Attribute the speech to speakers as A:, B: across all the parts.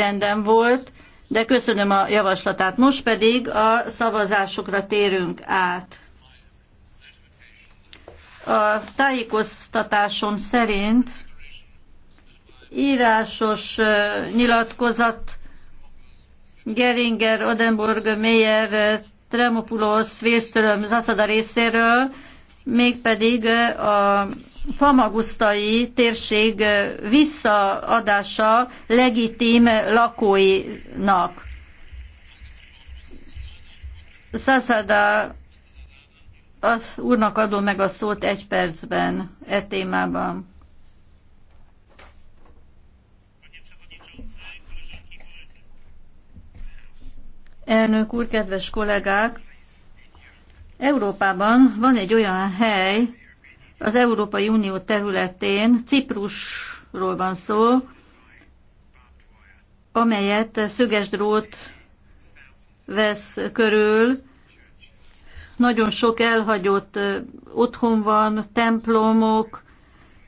A: rendben volt, de köszönöm a javaslatát. Most pedig a szavazásokra térünk át. A tájékoztatásom szerint írásos nyilatkozat Geringer, Odenburg, Meyer, Tremopulos, Wilström, Zasada részéről mégpedig a famagusztai térség visszaadása legitim lakóinak. Szaszada az úrnak adom meg a szót egy percben e témában. Elnök úr, kedves kollégák! Európában van egy olyan hely az Európai Unió területén, Ciprusról van szó, amelyet szöges drót vesz körül. Nagyon sok elhagyott otthon van, templomok,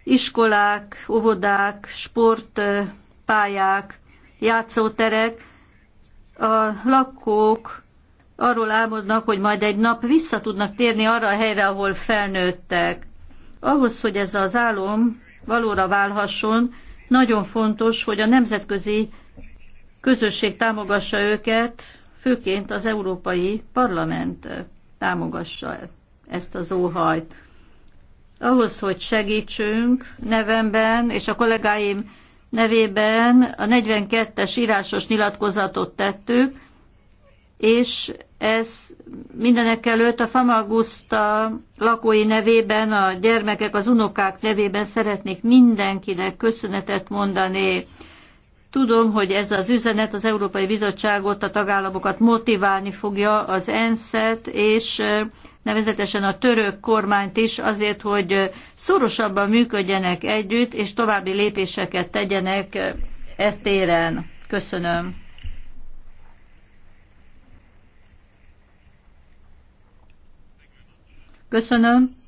A: iskolák, óvodák, sportpályák, játszóterek. A lakók arról álmodnak, hogy majd egy nap vissza tudnak térni arra a helyre, ahol felnőttek. Ahhoz, hogy ez az álom valóra válhasson, nagyon fontos, hogy a nemzetközi közösség támogassa őket, főként az Európai Parlament támogassa ezt az óhajt. Ahhoz, hogy segítsünk nevemben és a kollégáim nevében a 42-es írásos nyilatkozatot tettük, és ez mindenek előtt a Famagusta lakói nevében, a gyermekek, az unokák nevében szeretnék mindenkinek köszönetet mondani. Tudom, hogy ez az üzenet az Európai Bizottságot, a tagállamokat motiválni fogja, az ensz és nevezetesen a török kormányt is azért, hogy szorosabban működjenek együtt, és további lépéseket tegyenek e téren. Köszönöm. Köszönöm.